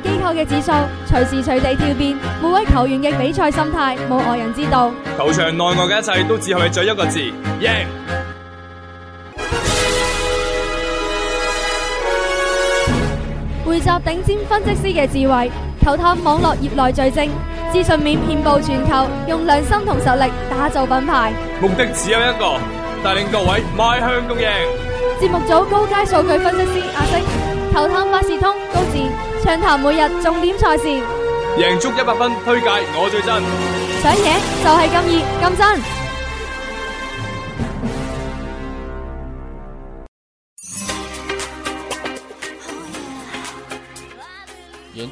機構嘅指數隨時隨地跳變，每位球員嘅比賽心態冇外人知道。球場內外嘅一切都只係在一個字：贏。匯集頂尖分析師嘅智慧，球探網絡業內最精，資訊面遍布全球，用良心同實力打造品牌。目的只有一個，帶領各位邁向共贏。節目組高階數據分析師阿星，球探百事通。暢談每日重點賽事，贏足一百分，推介我最真，想贏就係咁熱咁真。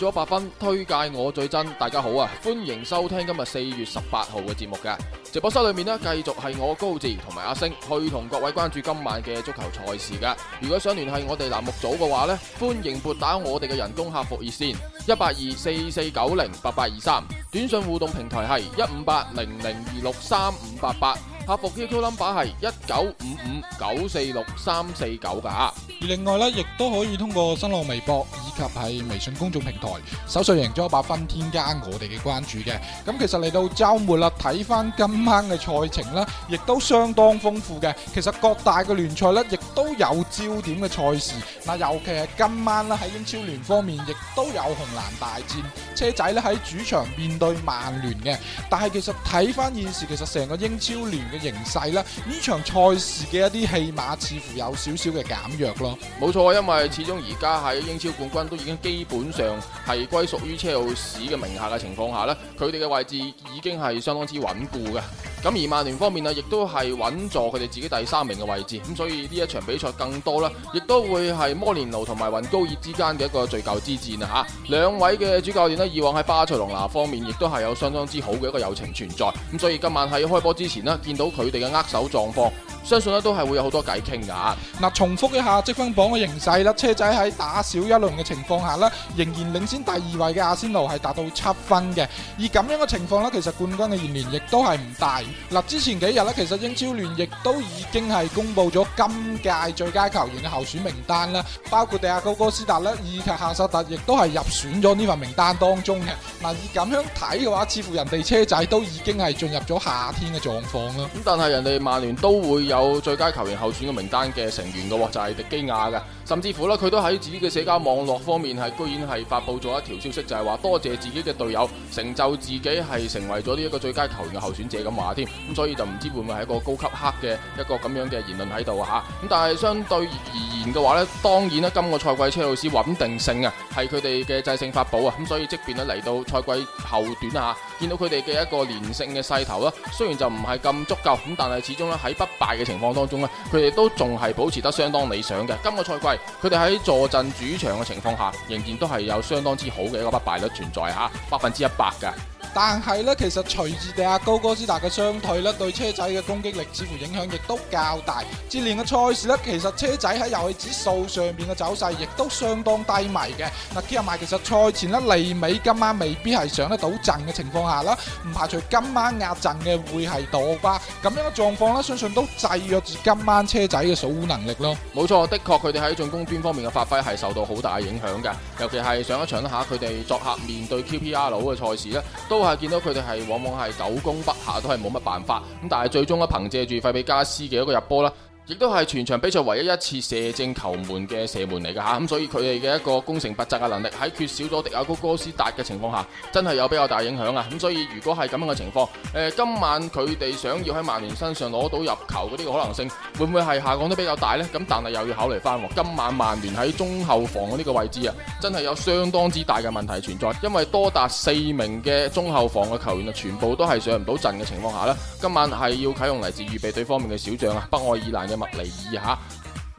咗八分，推介我最真。大家好啊，歡迎收聽今日四月十八號嘅節目嘅直播室裏面呢，繼續係我高志同埋阿星去同各位關注今晚嘅足球賽事噶。如果想聯繫我哋欄目組嘅話呢，歡迎撥打我哋嘅人工客服熱線一八二四四九零八八二三，23, 短信互動平台係一五八零零二六三五八八。客服 QQ 號碼係一九五五九四六三四九噶而另外咧，亦都可以通過新浪微博以及係微信公眾平台搜索贏足一百分添加我哋嘅關注嘅。咁其實嚟到周末啦，睇翻今晚嘅賽程啦，亦都相當豐富嘅。其實各大嘅聯賽咧，亦都有焦點嘅賽事。嗱，尤其係今晚啦，喺英超聯方面，亦都有紅藍大戰，車仔咧喺主場面對曼聯嘅。但係其實睇翻現時，其實成個英超聯。嘅形勢啦，呢場賽事嘅一啲戲碼似乎有少少嘅減弱咯。冇錯，因為始終而家喺英超冠軍都已經基本上係歸屬於車路士嘅名下嘅情況下呢，佢哋嘅位置已經係相當之穩固嘅。咁而曼聯方面呢，亦都係穩坐佢哋自己第三名嘅位置，咁所以呢一場比賽更多啦，亦都會係摩連奴同埋雲高爾之間嘅一個敘舊之戰啊！嚇，兩位嘅主教練呢，以往喺巴塞隆拿方面亦都係有相當之好嘅一個友情存在，咁、啊、所以今晚喺開波之前呢，見到佢哋嘅握手狀況，相信呢都係會有好多偈傾噶。嗱，重複一下積分榜嘅形勢啦，車仔喺打少一輪嘅情況下呢，仍然領先第二位嘅阿仙奴係達到七分嘅，而咁樣嘅情況呢，其實冠軍嘅懸念亦都係唔大。嗱，之前幾日咧，其實英超聯亦都已經係公布咗今屆最佳球員嘅候選名單啦，包括迪亞高哥斯達咧以及哈薩特，亦都係入選咗呢份名單當中嘅。嗱，以咁樣睇嘅話，似乎人哋車仔都已經係進入咗夏天嘅狀況啦。咁但係人哋曼聯都會有最佳球員候選嘅名單嘅成員嘅喎，就係迪基亞嘅。甚至乎咧，佢都喺自己嘅社交網絡方面係居然係發布咗一條消息，就係話多謝自己嘅隊友成就自己係成為咗呢一個最佳球員嘅候選者咁話咁所以就唔知會唔會係一個高級黑嘅一個咁樣嘅言論喺度啊！咁但係相對而言嘅話咧，當然啦，今個賽季車路士穩定性啊，係佢哋嘅制勝法寶啊！咁所以即便咧嚟,到賽季後段啊，見到佢哋嘅一個連勝嘅勢頭啦，雖然就唔係咁足夠，咁但係始終咧喺不敗嘅情況當中咧，佢哋都仲係保持得相當理想嘅。今個賽季佢哋喺坐鎮主場嘅情況下，仍然都係有相當之好嘅一個不敗率存在吓，百分之一百嘅。的但係咧，其實隨住迪亞高哥斯達嘅傷退咧，對車仔嘅攻擊力似乎影響亦都較大，至連個賽事呢，其實車仔喺遊戲指數上面嘅走勢亦都相當低迷嘅。嗱，加上埋其實賽前呢，利米今晚未必係上得到陣嘅情況下啦，唔排除今晚壓陣嘅會係杜巴咁樣嘅狀況呢，相信都制約住今晚車仔嘅掃烏能力咯。冇錯，的確佢哋喺進攻端方面嘅發揮係受到好大嘅影響㗎，尤其係上一場下，佢哋作客面對 QPR 佬嘅賽事呢。都。都係見到佢哋係往往係久攻不下，都係冇乜辦法，咁但係最終咧憑借住費比加斯嘅一個入波啦。亦都係全場比賽唯一一次射正球門嘅射門嚟噶吓，咁所以佢哋嘅一個攻城拔寨嘅能力喺缺少咗迪亞哥哥斯達嘅情況下，真係有比較大影響啊！咁所以如果係咁樣嘅情況，呃，今晚佢哋想要喺曼聯身上攞到入球嘅呢個可能性，會唔會係下降得比較大呢？咁但係又要考慮翻，今晚曼聯喺中後防嘅呢個位置啊，真係有相當之大嘅問題存在，因為多達四名嘅中後防嘅球員啊，全部都係上唔到陣嘅情況下呢。今晚係要啟用嚟自預備隊方面嘅小將啊，北愛爾蘭嘅。嚟一下。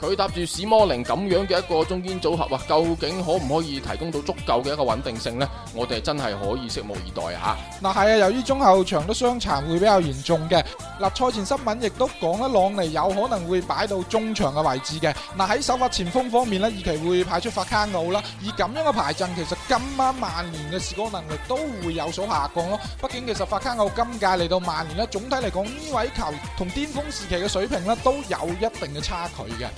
佢搭住史摩寧咁樣嘅一個中堅組合啊，究竟可唔可以提供到足夠嘅一個穩定性呢？我哋真係可以拭目以待啊！嗱，係啊，由於中後場都傷殘會比較嚴重嘅，嗱，賽前新聞亦都講咧，朗尼有可能會擺到中場嘅位置嘅。嗱，喺首發前鋒方面呢，以期會派出法卡奧啦。以咁樣嘅排陣，其實今晚曼聯嘅視覺能力都會有所下降咯。畢竟其實法卡奧今屆嚟到曼聯呢，總體嚟講呢位球同巔峰時期嘅水平呢，都有一定嘅差距嘅。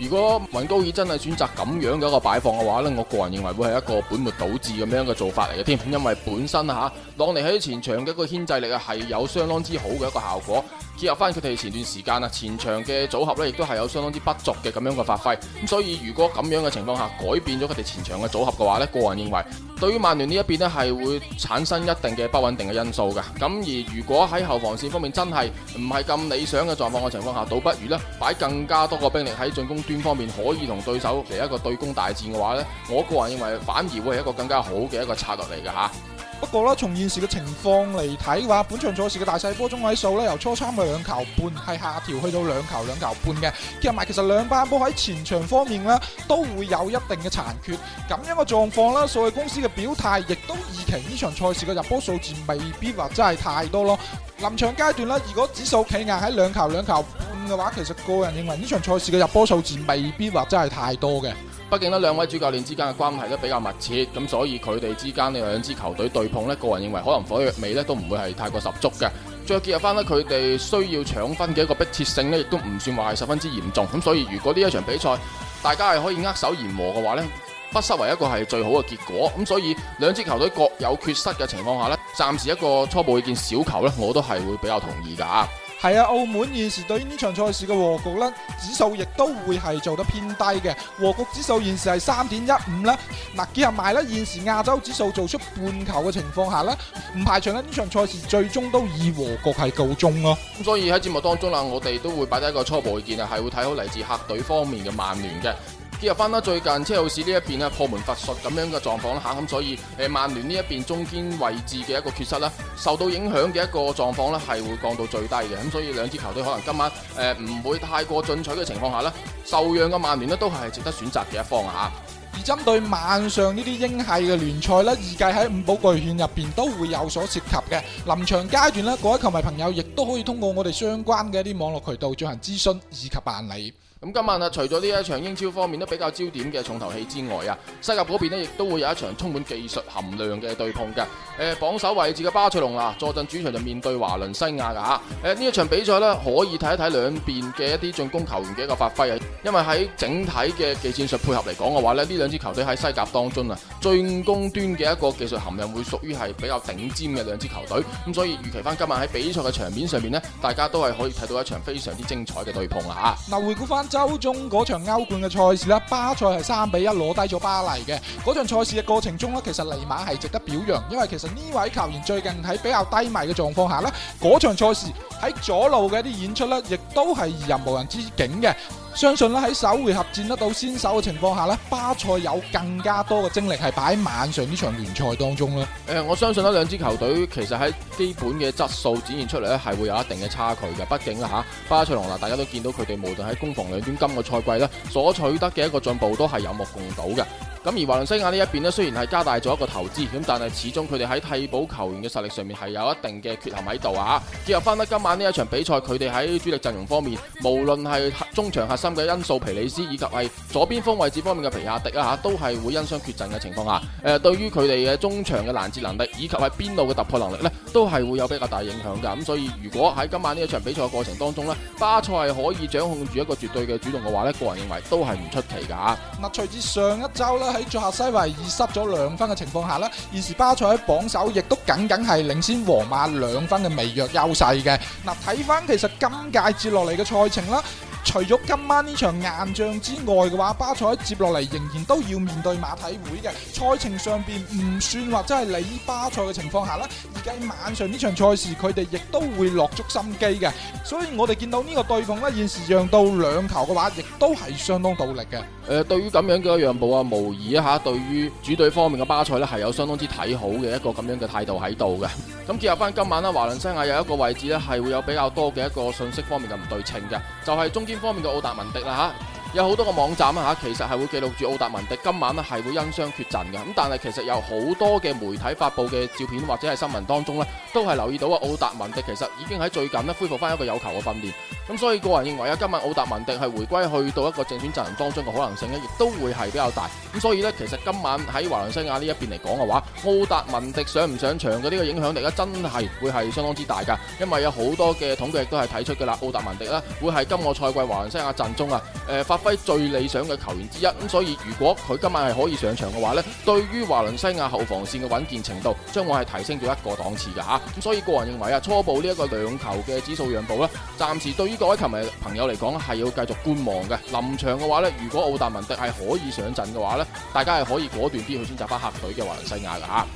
如果雲高爾真係選擇咁樣嘅一個擺放嘅話咧，我個人認為會係一個本末倒置咁樣嘅做法嚟嘅添，因為本身嚇、啊、朗尼喺前場嘅一個牽制力啊，係有相當之好嘅一個效果。結合翻佢哋前段時間啊，前場嘅組合咧，亦都係有相當之不俗嘅咁樣嘅發揮。咁所以如果咁樣嘅情況下改變咗佢哋前場嘅組合嘅話咧，個人認為對於曼聯呢一邊咧係會產生一定嘅不穩定嘅因素㗎。咁而如果喺後防線方面真係唔係咁理想嘅狀況嘅情況下，倒不如咧擺更加多個兵力喺進攻端方面可以同對手嚟一個對攻大戰嘅話咧，我個人認為反而會係一個更加好嘅一個策略嚟嘅嚇。不過啦，從現時嘅情況嚟睇話，本場賽事嘅大細波中位數咧，由初參嘅兩球半係下調去到兩球兩球半嘅。加埋其實兩班波喺前場方面呢都會有一定嘅殘缺，咁樣嘅狀況啦，所謂公司嘅表態亦都預期呢場賽事嘅入波數字未必話真係太多咯。臨場階段，如果指數企硬喺兩球兩球半嘅話，其實個人認為呢場賽事嘅入波數字未必話真係太多嘅。畢竟呢兩位主教練之間嘅關係都比較密切，咁所以佢哋之間呢兩支球隊對碰咧，個人認為可能火藥味呢都唔會係太過十足嘅。再結合翻咧，佢哋需要搶分嘅一個迫切性咧，亦都唔算話係十分之嚴重。咁所以如果呢一場比賽大家係可以握手言和嘅話呢，不失為一個係最好嘅結果。咁所以兩支球隊各有缺失嘅情況下咧，暫時一個初步意見小球呢，我都係會比較同意噶。係啊，澳門現時對於呢場賽事嘅和局咧，指數亦都會係做得偏低嘅，和局指數現時係三點一五啦。嗱，兼埋咧現時亞洲指數做出半球嘅情況下呢，唔排除咧呢場賽事最終都以和局係告終咯。咁所以喺節目當中啦，我哋都會擺低一個初步意見啊，係會睇好嚟自客隊方面嘅曼聯嘅。加入翻啦！最近車路士呢一邊咧破門乏術咁樣嘅狀況啦嚇，咁所以誒曼聯呢一邊中堅位置嘅一個缺失啦，受到影響嘅一個狀況咧係會降到最低嘅。咁所以兩支球隊可能今晚誒唔會太過進取嘅情況下咧，受讓嘅曼聯咧都係值得選擇嘅一方啊嚇！而針對晚上呢啲英系嘅聯賽咧，預計喺五寶巨獻入邊都會有所涉及嘅。臨場階段呢，各位球迷朋友亦都可以通過我哋相關嘅一啲網絡渠道進行諮詢以及辦理。咁今晚啊，除咗呢一場英超方面都比較焦點嘅重頭戲之外啊，西甲嗰邊呢亦都會有一場充滿技術含量嘅對碰嘅。誒、呃，榜首位置嘅巴塞隆拿坐鎮主場就面對華倫西亞噶嚇。啊呃、呢一場比賽呢，可以睇一睇兩邊嘅一啲進攻球員嘅一個發揮啊。因為喺整體嘅技戰術配合嚟講嘅話呢，呢兩支球隊喺西甲當中啊，進攻端嘅一個技術含量會屬於係比較頂尖嘅兩支球隊。咁所以預期翻今晚喺比賽嘅場面上面呢，大家都係可以睇到一場非常之精彩嘅對碰啦、嚇、嗱，回顧翻。周中嗰場歐冠嘅賽事啦，巴塞係三比一攞低咗巴黎嘅嗰場賽事嘅過程中呢，其實尼馬係值得表揚，因為其實呢位球員最近喺比較低迷嘅狀況下呢，嗰場賽事喺左路嘅一啲演出呢，亦都係如入無人之境嘅。相信咧喺首回合戰得到先手嘅情況下咧，巴塞有更加多嘅精力係擺喺晚上呢場聯賽當中誒、呃，我相信咧兩支球隊其實喺基本嘅質素展現出嚟咧係會有一定嘅差距嘅。畢竟啦吓，巴塞羅那大家都見到佢哋無論喺攻防兩端今個賽季咧所取得嘅一個進步都係有目共睹嘅。咁而華倫西亞呢一邊呢雖然係加大咗一個投資，咁但係始終佢哋喺替補球員嘅實力上面係有一定嘅缺陷喺度啊！結合翻呢今晚呢一場比賽，佢哋喺主力陣容方面，無論係中場核心嘅恩素皮里斯，以及係左邊鋒位置方面嘅皮亞迪啊，都係會因傷缺陣嘅情況下，誒、呃，對於佢哋嘅中場嘅攔截能力，以及係邊路嘅突破能力呢，都係會有比較大影響噶。咁所以如果喺今晚呢一場比賽過程當中呢，巴塞係可以掌控住一個絕對嘅主動嘅話呢，個人認為都係唔出奇噶。吓，嗱，隨住上一周喺作客西維爾失咗兩分嘅情況下呢，現時巴塞喺榜首，亦都僅僅係領先皇馬兩分嘅微弱優勢嘅。嗱，睇翻其實今屆接落嚟嘅賽程啦。除咗今晚呢場硬仗之外嘅話，巴塞接落嚟仍然都要面對馬體會嘅賽程上邊唔算話真係利巴塞嘅情況下啦。而家晚上呢場賽事，佢哋亦都會落足心機嘅。所以我哋見到呢個對碰咧，現時讓到兩球嘅話，亦都係相當倒力嘅。誒、呃，對於咁樣嘅讓步啊，無疑啊吓，對於主隊方面嘅巴塞咧，係有相當之睇好嘅一個咁樣嘅態度喺度嘅。咁結合翻今晚啦，華倫西亞有一個位置咧，係會有比較多嘅一個信息方面嘅唔對稱嘅，就係、是、中間方面嘅奧達文迪啦吓、啊，有好多個網站啊吓，其實係會記錄住奧達文迪今晚咧係會因傷缺陣嘅，咁但係其實有好多嘅媒體發佈嘅照片或者係新聞當中咧，都係留意到啊奧達文迪其實已經喺最近咧恢復翻一個有球嘅訓練。咁所以個人認為啊，今晚奧達文迪係回歸去到一個正選陣容當中嘅可能性呢，亦都會係比較大。咁所以呢，其實今晚喺華倫西亞呢一邊嚟講嘅話，奧達文迪上唔上場嘅呢個影響力咧，真係會係相當之大㗎。因為有好多嘅統計亦都係睇出㗎啦，奧達文迪呢，會係今個賽季華倫西亞陣中啊，誒、呃、發揮最理想嘅球員之一。咁所以如果佢今晚係可以上場嘅話呢，對於華倫西亞後防線嘅穩健程度，將會係提升咗一個檔次㗎嚇。咁所以個人認為啊，初步呢一個兩球嘅指數讓步呢，暫時對於，各位琴日朋友嚟講係要繼續觀望嘅。臨場嘅話呢，如果奧達文特係可以上陣嘅話呢，大家係可以果斷啲去選擇翻客隊嘅華倫西亞啦吓。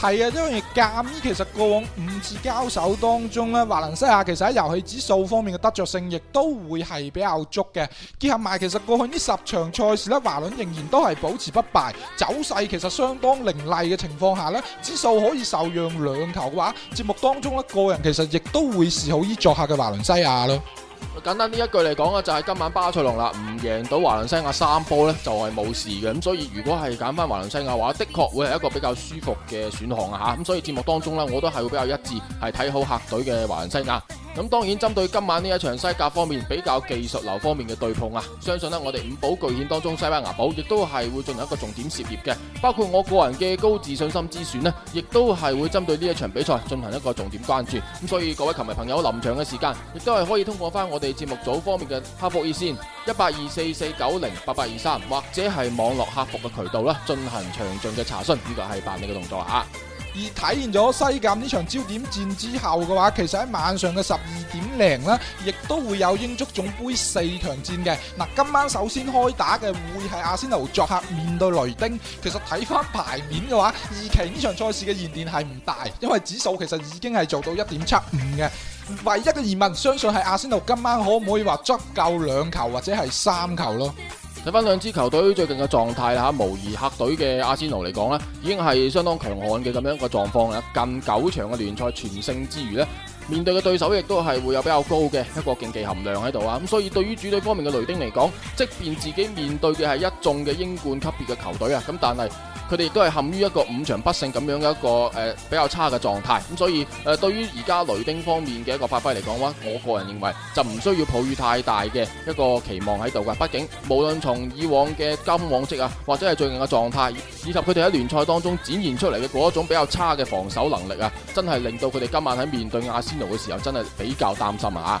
係啊，因為鑒於其實過往五次交手當中呢，華倫西亞其實喺遊戲指數方面嘅得着性亦都會係比較足嘅。結合埋其實過去呢十場賽事呢，華倫仍然都係保持不敗，走勢其實相當凌厲嘅情況下呢，指數可以受讓兩球嘅話，節目當中呢，個人其實亦都會是好於作客嘅華倫西亞咯。簡單呢一句嚟講啊，就係今晚巴塞隆拿，唔贏到華倫西亞三波咧，就係冇事嘅。咁所以如果係揀翻華倫西亞嘅話，的確會係一個比較舒服嘅選項啊！吓，咁所以節目當中咧，我都係會比較一致，係睇好客隊嘅華倫西亞。咁當然，針對今晚呢一場西甲方面比較技術流方面嘅對碰啊，相信呢我哋五寶巨獻當中西班牙寶亦都係會進行一個重點涉獵嘅，包括我個人嘅高自信心之選呢，亦都係會針對呢一場比賽進行一個重點關注。咁所以各位球迷朋友臨場嘅時間，亦都係可以通過翻我哋節目組方面嘅客服熱線一八二四四九零八八二三，23，或者係網絡客服嘅渠道啦，進行詳盡嘅查詢，呢個係辦理嘅動作啊！而體現咗西甲呢場焦點戰之後嘅話，其實喺晚上嘅十二點零啦，亦都會有英足總杯四強戰嘅。嗱，今晚首先開打嘅會係阿仙奴作客面對雷丁。其實睇翻牌面嘅話，二期呢場賽事嘅懸念係唔大，因為指數其實已經係做到一點七五嘅。唯一嘅疑問，相信係阿仙奴今晚可唔可以話足夠兩球或者係三球咯？睇返兩支球隊最近嘅狀態啦吓，無疑客隊嘅阿仙奴嚟講，咧，已經係相當強悍嘅咁樣一個狀況啦，近九場嘅聯賽全勝之餘呢。面對嘅對手亦都係會有比較高嘅一個競技含量喺度啊！咁所以對於主隊方面嘅雷丁嚟講，即便自己面對嘅係一眾嘅英冠級別嘅球隊啊，咁但係佢哋亦都係陷於一個五場不勝咁樣嘅一個誒、呃、比較差嘅狀態。咁所以誒、呃，對於而家雷丁方面嘅一個發揮嚟講，話我個人認為就唔需要抱於太大嘅一個期望喺度嘅。畢竟無論從以往嘅交往績啊，或者係最近嘅狀態，以及佢哋喺聯賽當中展現出嚟嘅嗰一種比較差嘅防守能力啊，真係令到佢哋今晚喺面對亞斯嘅時候，真係比較擔心啊！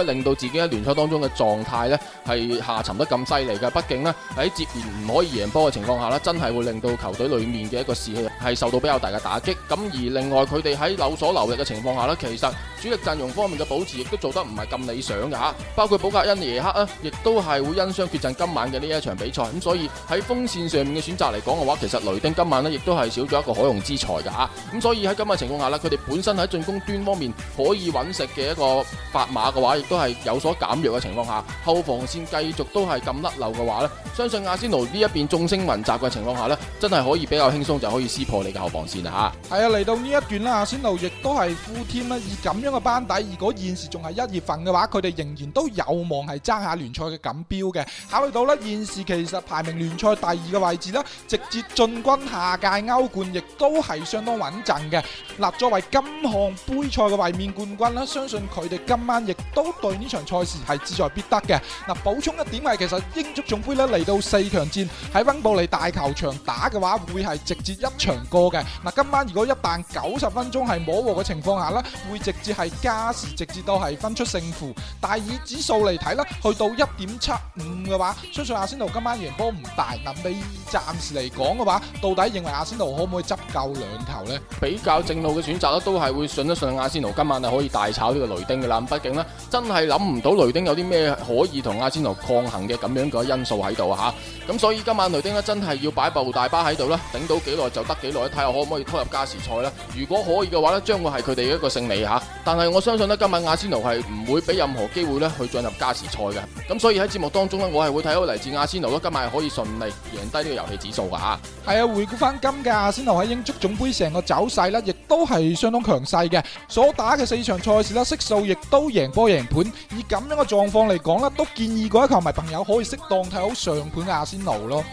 令到自己喺聯賽當中嘅狀態呢，係下沉得咁犀利嘅，畢竟呢，喺接連唔可以贏波嘅情況下呢，真係會令到球隊裡面嘅一個士氣係受到比較大嘅打擊。咁而另外佢哋喺有所留力嘅情況下呢，其實主力陣容方面嘅保持亦都做得唔係咁理想㗎吓。包括保加恩耶克啊，亦都係會因傷缺陣今晚嘅呢一場比賽。咁所以喺鋒線上面嘅選擇嚟講嘅話，其實雷丁今晚呢亦都係少咗一個可用之才㗎吓。咁所以喺今日情況下呢，佢哋本身喺進攻端方面可以揾食嘅一個法馬嘅話。都係有所減弱嘅情況下，後防線繼續都係咁甩漏嘅話呢，相信阿仙奴呢一邊眾星雲集嘅情況下呢，真係可以比較輕鬆就可以撕破你嘅後防線啦吓。係啊，嚟到呢一段啦，阿仙奴亦都係附添啦，以咁樣嘅班底，如果現時仲係一月份嘅話，佢哋仍然都有望係爭下聯賽嘅錦標嘅。考慮到咧，現時其實排名聯賽第二嘅位置啦，直接進軍下屆歐冠亦都係相當穩陣嘅。嗱，作為今項杯賽嘅衛冕冠軍啦，相信佢哋今晚亦都。對呢場賽事係志在必得嘅。嗱，補充一點係，其實英足總杯咧嚟到四強戰喺溫布利大球場打嘅話，會係直接一場過嘅。嗱，今晚如果一旦九十分鐘係摸和嘅情況下啦，會直接係加時，直接都係分出勝負。但以指數嚟睇啦，去到一點七五嘅話，相信阿仙奴今晚贏波唔大。咁你暫時嚟講嘅話，到底認為阿仙奴可唔可以執夠兩球咧？比較正路嘅選擇咧，都係會信一信阿仙奴今晚係可以大炒呢個雷丁嘅啦。畢竟咧，真。係諗唔到雷丁有啲咩可以同阿仙奴抗衡嘅、咁樣嘅因素喺度。吓，咁所以今晚雷丁咧真係要擺部大巴喺度啦，頂到幾耐就得幾耐，睇下可唔可以拖入加時賽咧？如果可以嘅話呢，將會係佢哋嘅一個勝利吓。但係我相信呢，今晚阿仙奴係唔會俾任何機會呢去進入加時賽嘅。咁所以喺節目當中呢，我係會睇到嚟自阿仙奴咧，今晚係可以順利贏低呢個遊戲指數噶吓。係啊，回顧翻今屆阿仙奴喺英足總杯成個走勢呢，亦都係相當強勢嘅。所打嘅四場賽事啦，悉數亦都贏波贏盤。以咁樣嘅狀況嚟講咧，都建議各位球迷朋友可以適當睇好上盤嘅阿仙奴咯。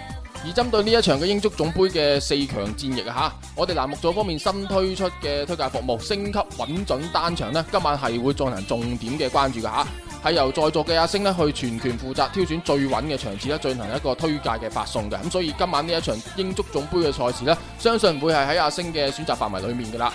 而針對呢一場嘅英足總盃嘅四強戰役吓，我哋欄目組方面新推出嘅推介服務升級穩準單場咧，今晚係會進行重點嘅關注噶吓，係由在座嘅阿星咧去全權負責挑選最穩嘅場次咧，進行一個推介嘅發送嘅。咁所以今晚呢一場英足總盃嘅賽事咧，相信會係喺阿星嘅選擇範圍裏面噶啦。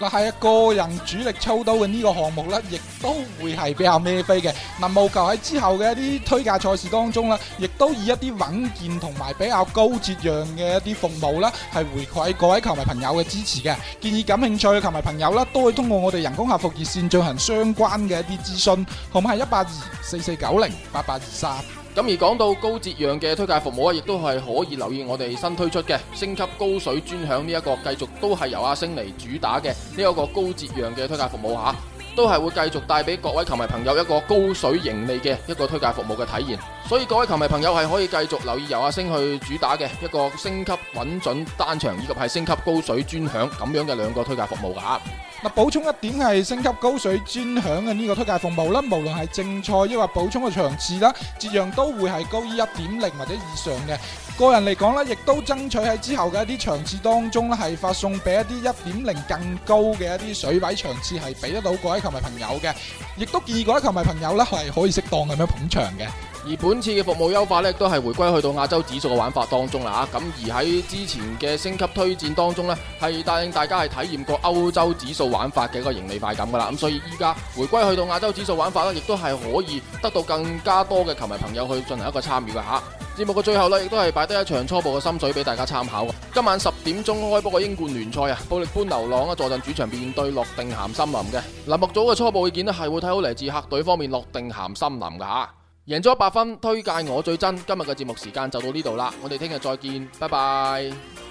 嗱，係啊，個人主力操刀嘅呢個項目咧，亦都會係比較咩飛嘅。嗱，網球喺之後嘅一啲推介賽事當中啦，亦都以一啲穩健同埋比較高折讓嘅一啲服務啦，係回饋各位球迷朋友嘅支持嘅。建議感興趣嘅球迷朋友啦，都可以通過我哋人工客服熱線進行相關嘅一啲諮詢，號碼係一八二四四九零八八二三。咁而講到高折讓嘅推介服務啊，亦都係可以留意我哋新推出嘅升級高水專享呢一個，繼續都係由阿星嚟主打嘅呢一個高折讓嘅推介服務下，都係會繼續帶俾各位球迷朋友一個高水盈利嘅一個推介服務嘅體驗。所以各位球迷朋友係可以繼續留意由阿星去主打嘅一個升級穩準單場以及係升級高水專享咁樣嘅兩個推介服務噶吓。嗱，補充一點係升級高水專享嘅呢個推介服務啦，無論係正賽抑或補充嘅場次啦，一樣都會係高於一點零或者以上嘅。個人嚟講咧，亦都爭取喺之後嘅一啲場次當中咧，係發送俾一啲一點零更高嘅一啲水位場次係俾得到各位球迷朋友嘅，亦都建議各位球迷朋友咧係可以適當咁樣捧場嘅。而本次嘅服務優化咧，亦都係回歸去到亞洲指數嘅玩法當中啦。咁而喺之前嘅升級推薦當中呢，係帶領大家係體驗過歐洲指數玩法嘅一個盈利快感噶啦。咁所以依家回歸去到亞洲指數玩法呢，亦都係可以得到更加多嘅球迷朋友去進行一個參與嘅吓。節目嘅最後呢，亦都係擺得一場初步嘅心水俾大家參考。今晚十點鐘開波嘅英冠聯賽啊，布力般流浪啊坐陣主場面對諾定咸森林嘅林木組嘅初步意見呢，係會睇好嚟自客隊方面諾定咸森林嘅。贏足 100FUN，推介我最真。今日嘅節目時間就到呢度啦，我哋聽日再見，拜拜。